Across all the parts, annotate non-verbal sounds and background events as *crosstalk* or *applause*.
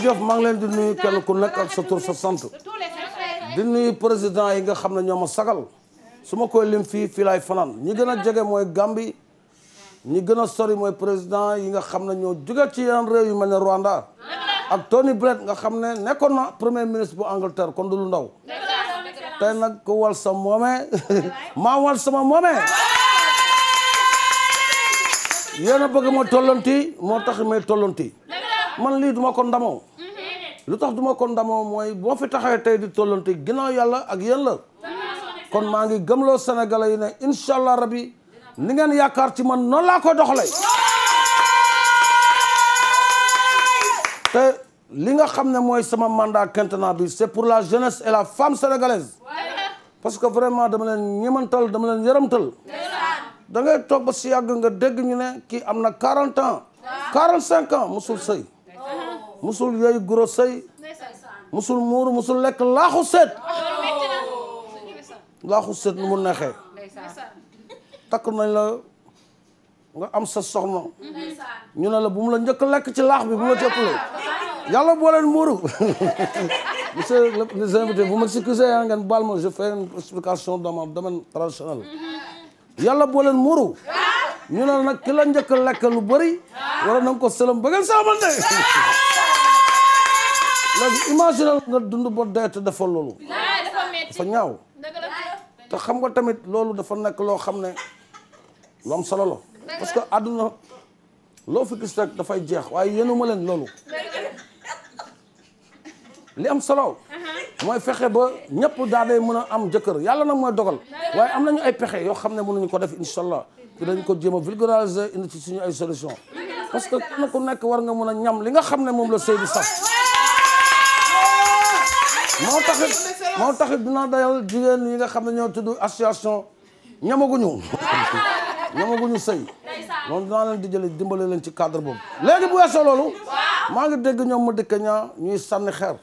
Diouf maa ngi leen di nuyu kenn ku nekk ak sa tur sa sant di nuyu président yi nga xam ne ñoo ma sagal su ma koy lim fi fii fanaan ñi gën a jege mooy Gambie ñi gën a sori mooy président yi nga xam ne ñoo jóge ci yeneen réew yu mel ne Rwanda ak Tony Blair nga xam ne nekkoon na premier ministre bu Angleterre kon du lu ndaw tey nag ko wal sa moomee *laughs* maa wal sama moomee yéen a bëgg ma tollonti moo tax may tollonti man lii duma ko ndamoo lu tax du ma ko ndamoo mooy boo fi taxawee tey di tollante ginnaaw yàlla ak yéen la kon maa ngi gëmloo sénégalais yi ne incha allah rabi ni ngeen yaakaar ci man noonu laa ko doxalee te li nga xam ne mooy sama mandat quinquennat bi c'est pour la jeunesse et la femme sénégalaise parce que vraiment dama leen ñemantal dama leen yërëmtal da ngay toog ba si yàgg nga dégg ñu ne kii am na quarante ans quarante cinq ans musul sëy musul yooyu goro sëy musul muur musul lekk laaxu seet laaxu seet nu mu neexee takk nañ la nga am sa soxna ñu ne la bu mu la njëkk lekk ci laax bi bu mu la jëppale yàlla boo leen muuru *laughs* monsieur les invités vous m'excusez ah ngeen baal ma je fais une explication dans mon domaine traditionnel yàlla boo leen muuru ñu ne la nag ki la njëkk lekk lu bëri wala na nga ko sëlam ba ngeen saamal de *laughs* léegi imaginer nga dund ba doy te dafa loolu. dafa ñaaw. te xam nga tamit loolu dafa nekk loo xam ne lu am solo la. parce que àdduna loo fi gis rek dafay jeex waaye yéenu ma leen loolu. li am solo. mooy fexe ba ñëpp daa day mën a am jëkkër yàlla nag mooy dogal. waaye am nañu ay pexe yoo xam ne mun mënuñu ko def incha allah. te dañ ko jéem a vulgariser indi ci suñu ay solution parce que ku nekk war nga mën a ñam li nga xam ne moom la sëy di sax. moo taxit moo taxit dinaa dayal jigéen yi nga xam ne ñoo tudd association ñamaguñu *laughs* ñamaguñu sëy moom dinaa leen di jële dimbale leen ci cadre boobu léegi bu weesoo loolu maa ngi dégg ñoom mu dëkk ñaa ñuy sànni xeer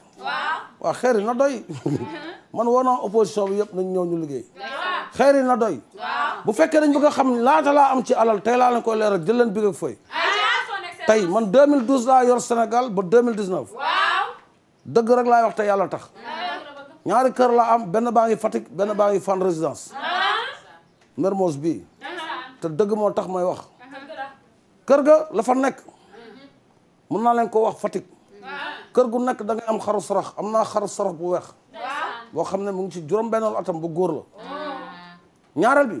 waa xeer na doy *laughs* man woo naa opposition bi yëpp nañ ñëw ñu liggéey xeer na doy bu fekkee dañ bëgg a xam laata laa am ci alal tey laa leen koy leeral jël leen bigg ak fooy tey man 2012 laa yor Sénégal ba 2019 dëgg rek laay wax te yàlla tax ñaari kër la am benn baa ngi Fatick benn baa ngi Fann résidence Mermoz bi te dëgg moo tax may wax kër ga la fa nekk mun naa leen ko wax Fatick kër gu nekk da am xaru sarax am naa xaru sarax bu weex boo xam ne mu ngi ci juróom benneelu atam bu góor la ñaareel bi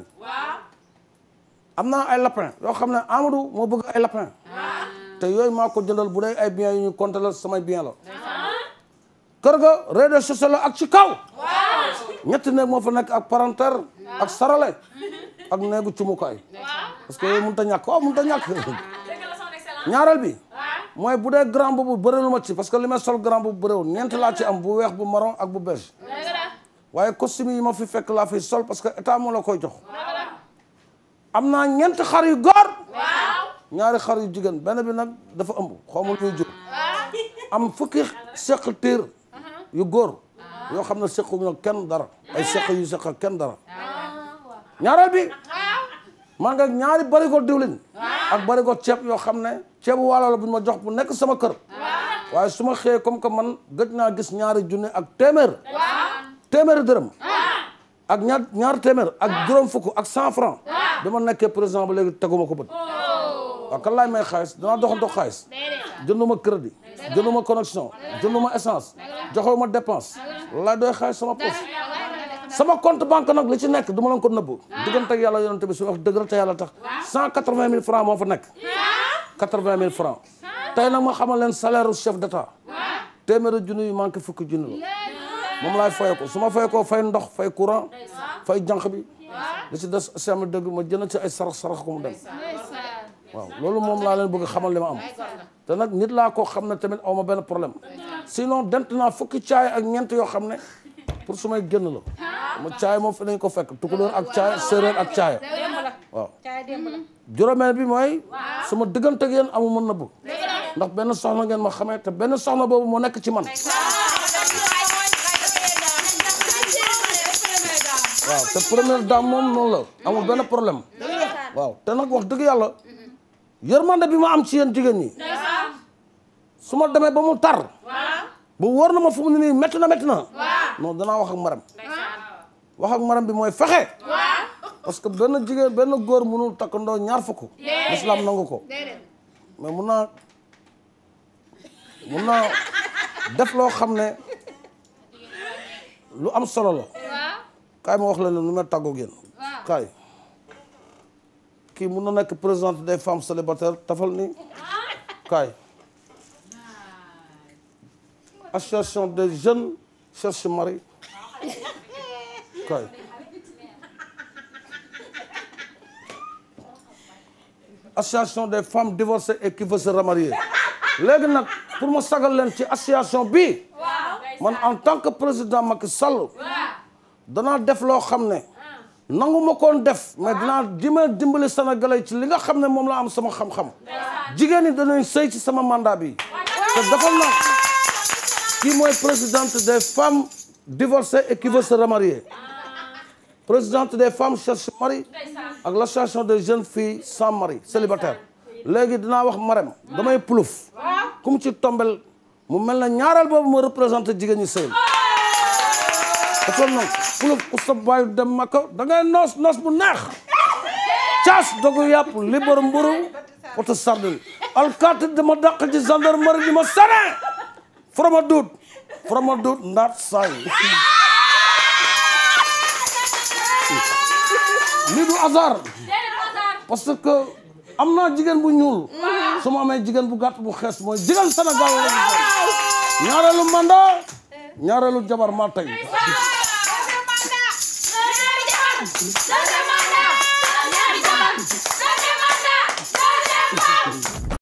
am naa ay lapin yoo xam ne Amadou moo bëgg ay lapin te yooyu maa ko jëlal bu dee ay bien yu ñu compté la samay bien la kër ga rez-de-chaussée la ak ci kaw ñetti néeg moo fa nekk ak ak sarale ak néegu cumukaay parce que yooyu mënut a ñàkk waaw mënut a ñàkk *laughs* ñaareel bi mooy bu dee grand boobu bëreelu ma ci parce que li ma sol grand boobu bëreewul ñeent laa ci am bu weex bu marron ak bu beige waaye costume yi ma fi fekk laa fi sol parce que état moo la koy jox am naa ñeenti xar yu góor ñaari xar yu jigéen benn bi nag dafa ëmb xaw ma luy jur am fukki seq tiir yu góor ah. yoo xam ne sequ ñoo kenn dara ah. ay seq yu seq kenn dara ah, ñaareel bi maa nga ñaari barigo diwlin ak barigo ceeb yoo xam ne ceebu waalo la bu ma jox bu nekk sama kër waaye su ma xëyee comme que man gëj naa gis ñaari junne ak téeméer téeméeri dërëm ak ñaar ñaar téeméer ak juróom fukk ak cent franc dama nekkee président ba léegi teguma ko bët oh. waaw laay may xaalis danaa doxantu xaalis ma crédit ma jënduma connexion jënduma essence joxewuma dépense laay doy xaalis sama poche sama compte banque nag li ci nekk du ma leen ko nëbb diggante ak yàlla yonent bi su wax dëgg la tax cent quatre vingt mille francs moo fa nekk quatre vingt mille francs tey nag ma xamal leen salaire chef d'état téeméeri junni yu manqué fukki junni la moom laay fayee ko su ma fayee ko fay ndox fay courant fay jànq bi li ci des sema dëgg ma jënd ci ay sarax sarax ko mu dem waaw loolu moom laa leen bëgg xamal li ma am te nag nit laa koo xam ne tamit aw ma benn problème sinon dent naa fukki caay ak ñeent yoo xam ne pour su génn la ma caay moom fi nañ ko fekk tukulóor ak caay séeréer ak caay waaw juróomeel bi mooy sama diggante ak yéen amu mën na bëgg ndax benn soxna ngeen ma xamee te benn soxna boobu moo nekk ci man waaw te première dame moom la amul benn problème waaw wax dëgg yàlla yërmande bi ma am ci yéen jigéen ñi su ma demee ba mu tar ba wër na ma fu mu ne nii métti na métti na wax ak maram wax ak maram bi mooy fexe parce que benn jigéen benn góor mënul takkandoo ñaar fukk lislaam nangu ko mais mun naa mun naa def loo xam ne lu am solo la kaay ma wax leen lu taggoo tàggoog yéen kaay kii mun na nekk présidente des femmes célibataires tafal ni kaay association des jeunes cherche mari kaay association des femmes divorcées et qui veut se remarier léegi nag pour ma sagal leen ci association bi man en tant que président Macky Sall danaa def loo xam ne nangu ma koon def mais dinaa dima dimbali sénégalais ci li nga xam ne moom la am sama xam-xam jigéen ñi danañ sëy ci sama mandat bi te defal na kii mooy présidente des femmes divorcées et qui veut présidente des femmes cherche mari ak la l'association des jeunes fi sans mari célibataire léegi dinaa wax marem damay plouf ku ci tombel mu mel na ñaareel boobu ma représenté jigéen ñi sëy kon nag fuluf usab waayu dem makka da ngay noos noos bu neex caas dogu yàpp libar mburu oto sardin alkaati dama dàq ci gendarmerie di ma sane foroma duut foroma duut ndaat saay lii du hasard parce que am naa jigéen bu ñuul su ma amee jigéen bu gàtt bu xees mooy jigéen Sénégal la ñaareelu mandat ñaareelu jabar maa tey Love